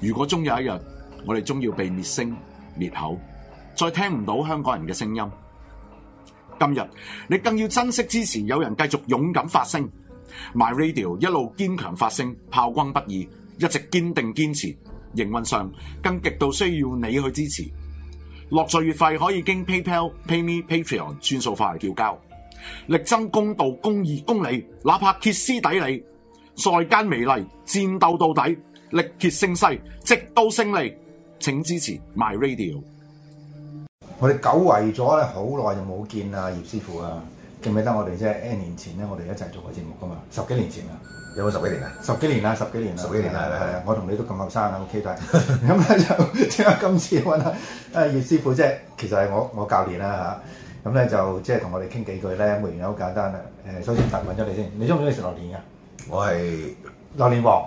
如果終有一日，我哋終要被滅聲滅口，再聽唔到香港人嘅聲音，今日你更要珍惜支持，有人繼續勇敢發聲，MyRadio 一路堅強發聲，炮轟不二，一直堅定堅持。營運上更極度需要你去支持，落座月費可以經 PayPal、PayMe、Patreon 轉數快嚟繳交，力爭公道、公義、公理，哪怕歇斯底里，在間美利，戰鬥到底。力竭勝勢，直到勝利！請支持 My Radio。我哋久違咗咧，好耐就冇見啦，葉師傅啊，記唔記得我哋即係 N 年前咧，我哋一齊做過節目噶嘛？十幾年前啊，有冇十幾年啊？十幾年啦，十幾年啦，十幾年啦，係啊！我同你都咁後生 OK 但仔，咁咧就即係今次揾啊葉師傅啫。其實係我我教練啦吓，咁咧就即係同我哋傾幾句咧，原因好簡單啦。誒，首先問問咗你先，你中唔中意食榴蓮啊？我係榴蓮王。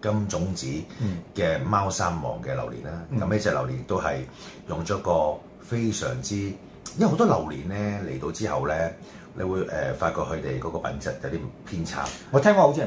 金種子嘅貓山王嘅榴蓮啦，咁呢、嗯、隻榴蓮都係用咗一個非常之，因為好多榴蓮咧嚟到之後咧，你會誒、呃、發覺佢哋嗰個品質有啲偏差。我聽過好似係。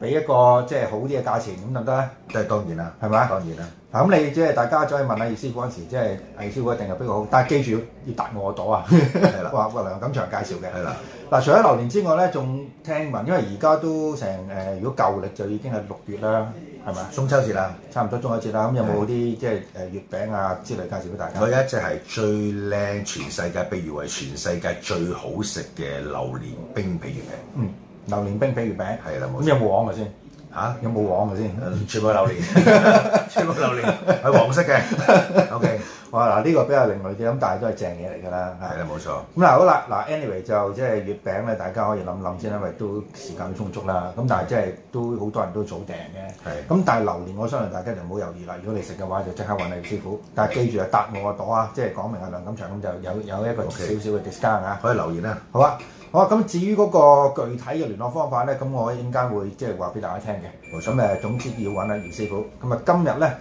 俾一個即係好啲嘅價錢咁得唔得咧？即係當然啦，係咪吧？當然啦。嗱咁、啊、你即係大家再問下葉師傅嗰陣時，即係葉師傅一定係比較好？但係記住要，要打我度啊！係啦的，哇哇梁錦祥介紹嘅。係啦的。嗱，除咗榴蓮之外咧，仲聽聞，因為而家都成誒、呃，如果舊歷就已經係六月啦，係咪？中秋節啦，差唔多中秋節啦。咁的有冇啲即係誒、呃、月餅啊之類介紹俾大家？佢一隻係最靚全世界，被譽為全世界最好食嘅榴蓮冰，冰皮月餅。嗯。榴蓮冰皮月餅，係啦，咁有冇黃嘅先？啊、有冇黃嘅先、嗯？全部榴蓮， 全部榴蓮，係黃色嘅。 OK。哇！嗱，呢個比較另類啲，咁但係都係正嘢嚟㗎啦。係啦，冇錯。咁嗱、啊，好啦，嗱，anyway 就即係月餅咧，大家可以諗諗先，因為都時間充足啦。咁、嗯、但係即係都好多人都早訂嘅。係的。咁但係榴蓮，我相信大家就唔好猶豫啦。如果你食嘅話，就即刻揾阿姚師傅。但係記住啊，搭我個朵啊，即係講明阿梁錦祥咁就有有一個少少嘅 discount 嚇，可以留言啊。好啊，好啊。咁至於嗰個具體嘅聯絡方法咧，咁我陣間會即係話俾大家聽嘅。咁誒，總之要揾阿姚師傅。咁啊，今日咧。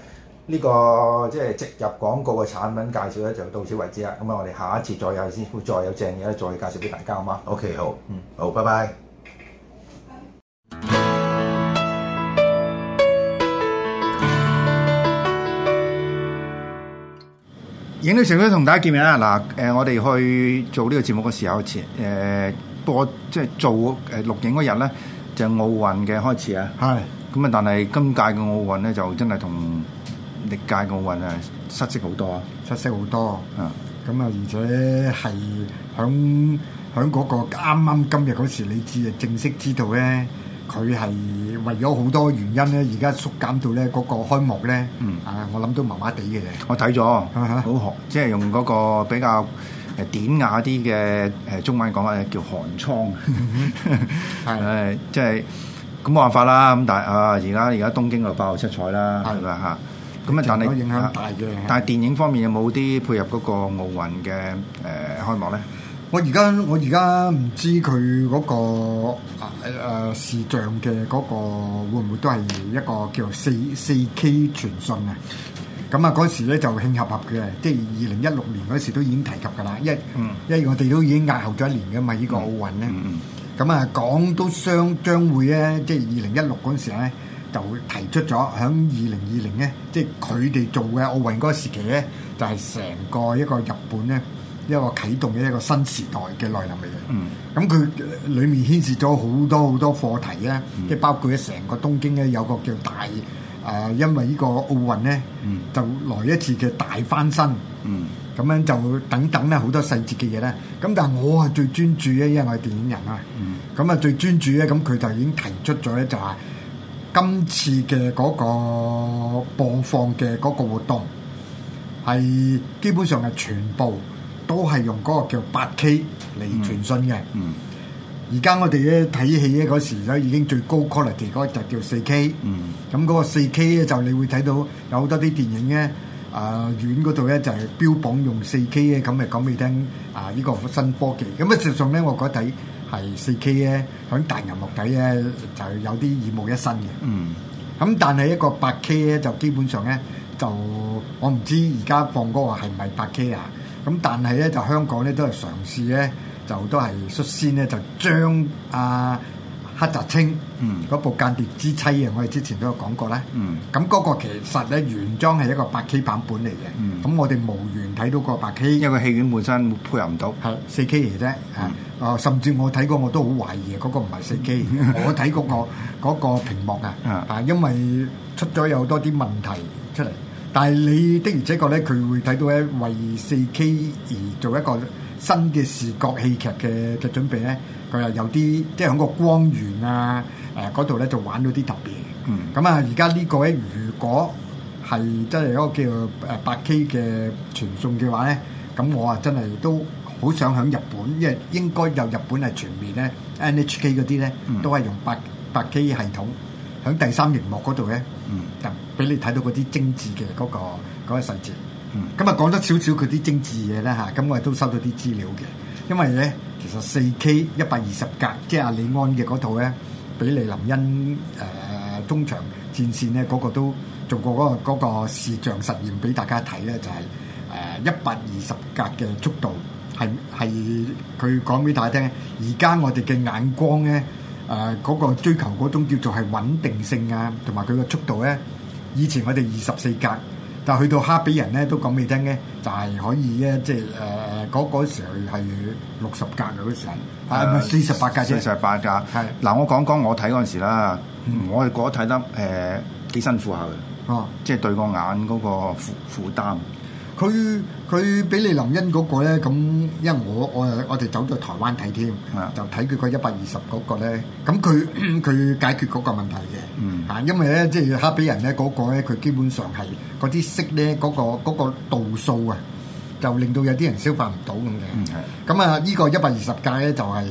呢個即係植入廣告嘅產品介紹咧，就到此為止啦。咁啊，我哋下一次再有先，會再有正嘢咧，再介紹俾大家，好嗎？OK，好，嗯，好，拜拜。影到成日都同大家見面啦。嗱，誒，我哋去做呢個節目嘅時候，前、呃、誒播即係、就係、做誒錄影嗰日咧，就係、奧運嘅開始啊。係。咁啊，但係今屆嘅奧運咧，就真係同～歷屆奧運啊，失色好多啊，失色好多。嗯，咁啊，而且係響響嗰個啱啱今日嗰時，你知啊，正式知道咧，佢係為咗好多原因咧，而家縮減到咧嗰個開幕咧。嗯。啊，我諗都麻麻地嘅。我睇咗。啊哈。好寒，即係用嗰個比較誒典雅啲嘅誒中文講法，叫寒傖。係。誒，即係咁冇辦法啦。咁但係啊，而家而家東京又爆紅出彩啦，係咪啊？咁啊、嗯，但係影響大嘅。但係電影方面有冇啲配合嗰個奧運嘅誒、呃、開幕咧？我而家我而家唔知佢嗰、嗰個誒、啊啊、視像嘅嗰個會唔會都係一個叫做四四 K 傳訊啊？咁啊，嗰時咧就慶合合嘅，即係二零一六年嗰時都已經提及㗎啦。一，一、嗯、我哋都已經押後咗一年㗎嘛？呢、嗯、個奧運咧，咁啊講都相將會咧，即係二零一六嗰陣時咧。就提出咗響二零二零咧，即係佢哋做嘅奧運嗰個時期咧，就係、是、成個一個日本咧一個啟動嘅一個新時代嘅來臨嚟嘅。嗯，咁佢裏面牽涉咗好多好多課題啊，即係包括喺成個東京咧有個叫大啊、呃，因為呢個奧運咧，嗯、就來一次嘅大翻身。嗯，咁樣就等等咧好多細節嘅嘢咧，咁但係我係最專注咧，因為我係電影人啊。嗯，咁啊最專注咧，咁佢就已經提出咗咧，就係。今次嘅嗰個播放嘅嗰個活動，係基本上係全部都係用嗰個叫八 K 嚟傳訊嘅。而家我哋咧睇戲咧嗰時咧已經最高 quality 嗰個就叫四 K。咁嗰個四 K 咧就你會睇到有好多啲電影咧，啊院嗰度咧就係標榜用四 K 嘅，咁咪講俾你聽啊！呢個新科技咁啊，事實上咧我覺得睇。係四 K 咧，響大銀幕底咧就有啲耳目一新嘅。嗯，咁但係一個八 K 咧就基本上咧就我唔知而家放個係唔係八 K 啊。咁但係咧就香港咧都係嘗試咧就都係率先咧就將啊。黑澤清，嗰、嗯、部間諜之妻啊，我哋之前都有講過咧。咁嗰、嗯、個其實咧原裝係一個八 k 版本嚟嘅。咁、嗯、我哋無緣睇到個八 k 因為戲院本身配合唔到，係四 k 嚟啫。嗯、啊，甚至我睇過我都好懷疑啊，嗰、嗰個唔係四 k、嗯、 我睇嗰、嗰個嗰、嗯、個屏幕啊，嗯、啊，因為出咗有多啲問題出嚟。但係你的而且確咧，佢會睇到咧為四 k 而做一個。新嘅視覺戲劇嘅嘅準備咧，佢又有啲即係響個光源啊，誒嗰度咧就玩到啲特別，嗯，咁啊而家呢個咧，如果係真係一個叫誒 8K 嘅傳送嘅話咧，咁我啊真係都好想響日本，因為應該有日本係全面咧 NHK 嗰啲咧都係用八八 K 系統響第三熒幕嗰度咧，就俾、嗯、你睇到嗰啲精緻嘅嗰、嗰個嗰、嗰個嗰個細節。嗯，今日講得少少佢啲政治嘢咧嚇，咁我哋都收到啲資料嘅，因為咧其實 4K 一百二十格，即係阿李安嘅嗰套咧，比利林恩誒中場戰線咧嗰個都做過嗰個嗰個視像實驗俾大家睇咧，就係誒一百二十格嘅速度係係佢講俾大家聽，而家我哋嘅眼光咧誒嗰個追求嗰種叫做係穩定性啊，同埋佢個速度咧，以前我哋二十四格。但去到哈比人咧，都講畀你聽嘅，就係、是、可以咧，即係誒誒，嗰、呃、嗰、那個、時係六十格嘅嗰時候，啊唔係四十八格四十八格係。嗱的，我講講我睇嗰陣時啦，嗯、我覺得睇得誒幾辛苦下嘅，哦、嗯，即係對個眼嗰個負負擔。佢佢比利林恩嗰個咧，咁因為我我我哋走咗台灣睇添，的就睇佢一百二十嗰個咧，咁佢佢解決嗰個問題嘅，嚇、嗯，因為咧即係哈比人咧嗰個咧，佢基本上係嗰啲色咧嗰、嗰個嗰個度數啊，就令到有啲人消化唔到咁嘅，咁啊呢個一百二十屆咧就係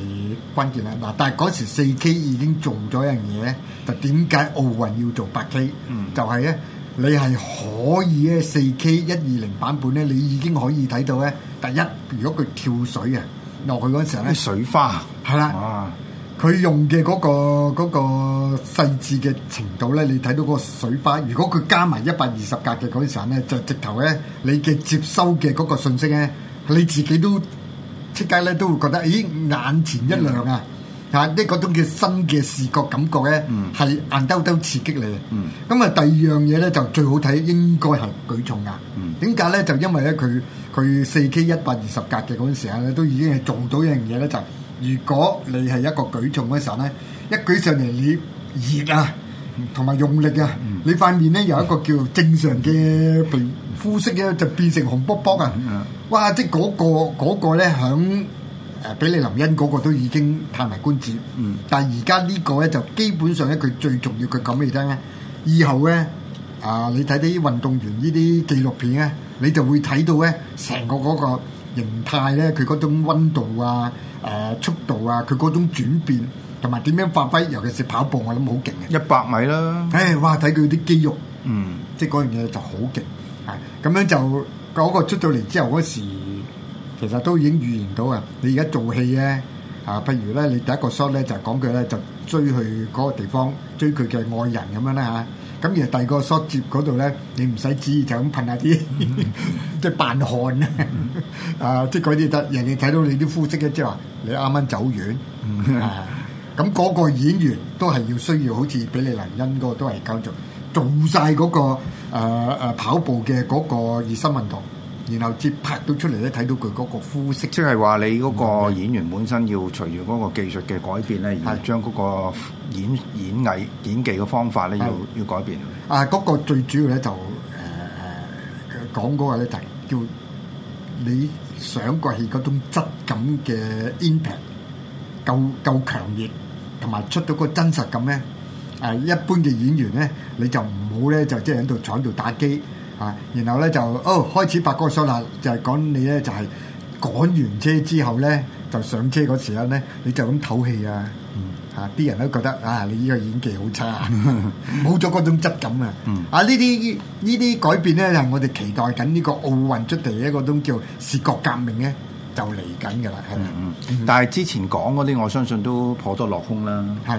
關鍵啦。嗱，但係嗰時四 K 已經做咗一樣嘢，就點解奧運要做八 K？嗯、就係咧。你係可以咧，4K 一二零版本咧，你已經可以睇到咧。第一，如果佢跳水啊落去嗰陣咧，水花，係啦的，佢哇用嘅嗰個嗰個細緻嘅程度咧，你睇到嗰個水花。如果佢加埋一百二十格嘅嗰陣咧，就直頭咧，你嘅接收嘅嗰個信息咧，你自己都出街咧都會覺得，咦，眼前一亮啊！嗯啊！呢嗰種嘅新嘅視覺感覺咧，係、嗯、硬兜兜刺激你嘅。咁啊，第二樣嘢咧就最好睇，應該係舉重啊。點解咧？就因為咧，佢佢 4K 一百二十格嘅嗰陣時候咧，都已經係做到一樣嘢咧，就係、如果你係一個舉重嘅時候咧，一舉上嚟你熱啊，同埋用力啊，嗯、你塊面咧有一個叫正常嘅皮膚色咧就變成紅卜卜啊！哇！即係嗰、嗰個嗰、嗰個咧響。嗰個嗰個呢誒，比利林恩嗰個都已經歎為觀止。嗯，但係而家呢個咧就基本上咧，佢最重要佢咁嘅嘢咧，以後咧啊、呃，你睇啲運動員呢啲紀錄片咧，你就會睇到咧，成個嗰個形態咧，佢嗰種温度啊、誒、呃、速度啊，佢嗰種轉變同埋點樣發揮，尤其是跑步，我諗好勁嘅。一百米啦，誒哇！睇佢啲肌肉，嗯，即係嗰樣嘢就好勁啊！咁樣就嗰、嗰個出到嚟之後嗰時。其實都已經預言到啊！你而家做戲咧，啊，譬如咧，你第一個 shot 咧就是、講佢咧就追去嗰個地方追佢嘅愛人咁樣啦嚇。咁、啊啊、而第二個 shot 接嗰度咧，你唔使旨意就咁噴下啲、mm hmm. 即係扮汗、mm hmm. 啊！即係嗰啲得人哋睇到你啲膚色嘅即係話你啱啱走遠。咁嗰、mm hmm. 啊，那個演員都係要需要好似比利林恩嗰、那個都係繼續做晒嗰、那個誒、啊、跑步嘅嗰個熱身運動。然後接拍到出嚟咧，睇到佢嗰個膚色，即係話你嗰個演員本身要隨住嗰個技術嘅改變咧，係將嗰個演演藝的演技嘅方法咧要的要改變。啊，嗰、嗰個最主要咧就誒講嗰個咧就係、叫你想個戲嗰種質感嘅 impact 夠夠強烈，同埋出到個真實感呢。咧。誒，一般嘅演員咧，你就唔好咧，就即係喺度坐喺度打機。啊，然後咧就哦開始八卦咗啦，就係、是、講你咧就係、是、趕完車之後咧，就上車嗰時候咧，你就咁唞氣啊，嚇啲、嗯啊、人都覺得啊，你依個演技好差，冇咗嗰種質感啊，嗯、啊呢啲呢啲改變咧，係我哋期待緊呢個奧運出嚟一個都叫視覺革命咧，就嚟緊噶啦，係、嗯。但係之前講嗰啲，我相信都頗多落空啦。係。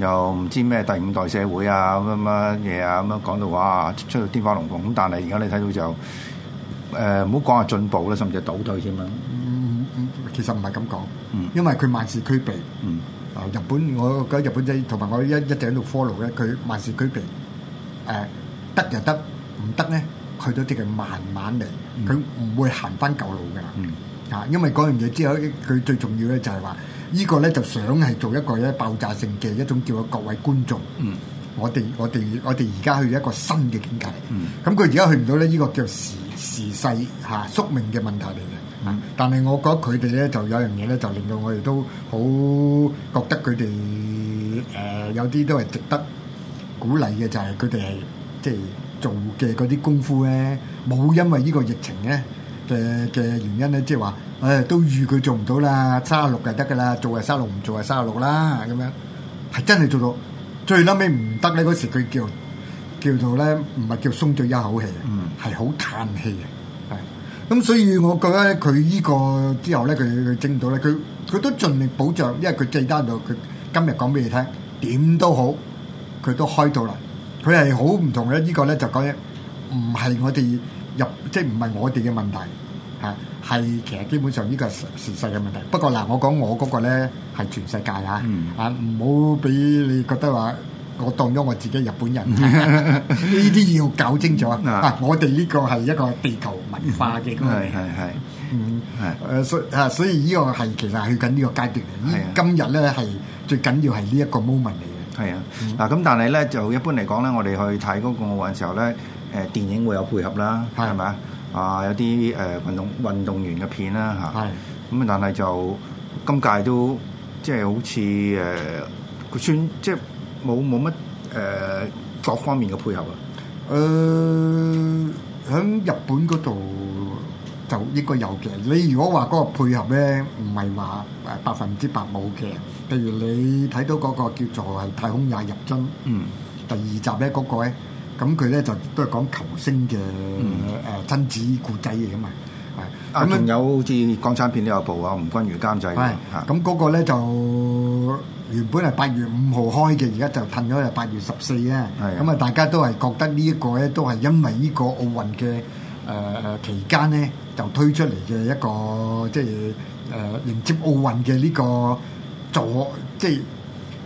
又唔知咩第五代社會啊，咁樣乜嘢啊，咁樣講到哇，出到天花龍鳳咁，但係而家你睇到就，誒唔好講話進步啦，甚至係倒退添嘛。嗯嗯嗯，其實唔係咁講，因為佢萬事俱備。嗯。啊，日本我覺得日本仔同埋我一一直喺度 follow 咧，佢萬事俱備。誒得就得，唔得咧？佢都即係慢慢嚟，佢唔會行翻舊路㗎。嗯。啊，因為嗰樣嘢之後，佢最重要咧就係話。呢個咧就想係做一個咧爆炸性嘅一種叫，啊各位觀眾，嗯、我哋我哋我哋而家去一個新嘅境界，咁佢而家去唔到咧，呢個叫時時勢嚇宿命嘅問題嚟嘅。嗯、但係我覺得佢哋咧就有樣嘢咧，就令到我哋都好覺得佢哋誒有啲都係值得鼓勵嘅，就係佢哋係即係做嘅嗰啲功夫咧，冇因為呢個疫情咧嘅嘅原因咧，即係話。唉，都預佢做唔到啦，卅六就得㗎啦，做係卅六，唔做係卅六啦，咁樣係真係做到最撚尾唔得咧嗰時，佢叫叫做咧，唔係叫鬆咗一口氣，係好嘆氣嘅。係咁，所以我覺得佢呢個之後咧，佢佢整到咧，佢佢都盡力保障，因為佢計單到，佢今日講俾你聽，點都好，佢都開到啦。佢係好唔同嘅，呢個咧就講嘢，唔係我哋入，即係唔係我哋嘅問題。啊，係其實基本上呢個係時勢嘅問題。不過嗱，我講我嗰個咧係全世界嚇，啊唔好俾你覺得話我當咗我自己日本人。呢啲要搞清楚啊！我哋呢個係一個地球文化嘅嗰個係係係，係誒，所啊，所以呢個係其實去緊呢個階段嚟。今日咧係最緊要係呢一個 moment 嚟嘅。係啊，嗱咁但係咧就一般嚟講咧，我哋去睇嗰個奧運嘅時候咧，誒電影會有配合啦，係咪啊？啊！有啲誒、呃、運動運動員嘅片啦嚇，咁啊是的、嗯、但係就今屆都即係好似誒，佢、呃、算即係冇冇乜誒各方面嘅配合啊、呃。誒，喺日本嗰度就應該有嘅。你如果話嗰個配合咧，唔係話誒百分之百冇嘅。譬如你睇到嗰個叫做係太空也入樽，嗯，第二集咧嗰、嗰個咧。咁佢咧就都係講球星嘅誒真子故仔嘅嘛，嗯、啊，咁仲有好似港產片都有部啊，吳君如監製嘅，咁嗰個咧就原本係八月五號開嘅，而家就褪咗，係八月十四啊，咁啊，大家都係覺得呢、這、一個咧都係因為呢個奧運嘅誒誒期間咧就推出嚟嘅一個即係誒、呃、迎接奧運嘅呢、這個助。即。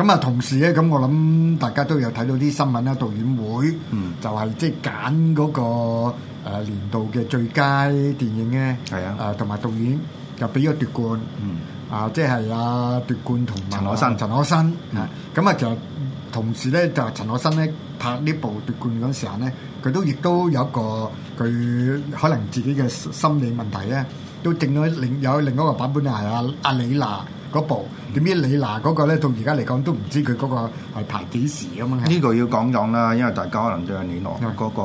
咁啊，同時咧，咁我諗大家都有睇到啲新聞啦，導演會就係即係揀嗰個年度嘅最佳電影咧，誒同埋導演又俾咗奪冠，啊、嗯，即係啊奪冠同陳可辛，陳可辛啊，咁啊，其實同時咧就陳可辛咧拍呢部奪冠嗰陣時候咧，佢都亦都有個佢可能自己嘅心理問題咧，都整咗另有另一個版本就係阿阿李娜。嗰部點知李娜嗰個咧，到而家嚟講都唔知佢嗰個係排幾時，咁樣，呢個要講講啦，因為大家可能對阿李娜嗰個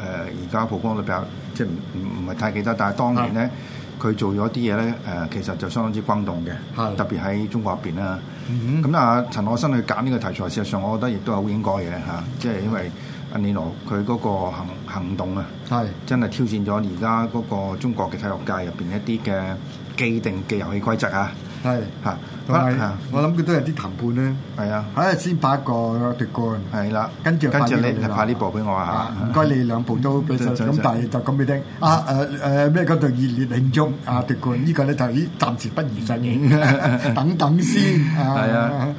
而家曝光率比較即係唔唔唔係太記得，但係當年咧佢是做咗啲嘢咧誒，其實就相當之轟動嘅，是特別喺中國入邊啦。咁啊，陳可辛去揀呢個題材，事實上我覺得亦都係好應該嘅嚇、啊，即係因為阿李娜佢嗰個行行動啊，係是是真係挑戰咗而家嗰個中國嘅體育界入邊一啲嘅既定嘅遊戲規則啊。係嚇，同、啊、我諗佢都有啲談判咧。係啊，嚇、啊、先拍一個奪冠。係啦，啊、跟住跟住你嚟拍呢部俾我嚇。唔該、啊，你兩部都俾咗。 咁但係就講俾聽，啊誒誒咩嗰度熱烈慶祝啊奪冠，這個、呢個咧就係暫時不如上映， 等等先。係 啊。 啊嗯啊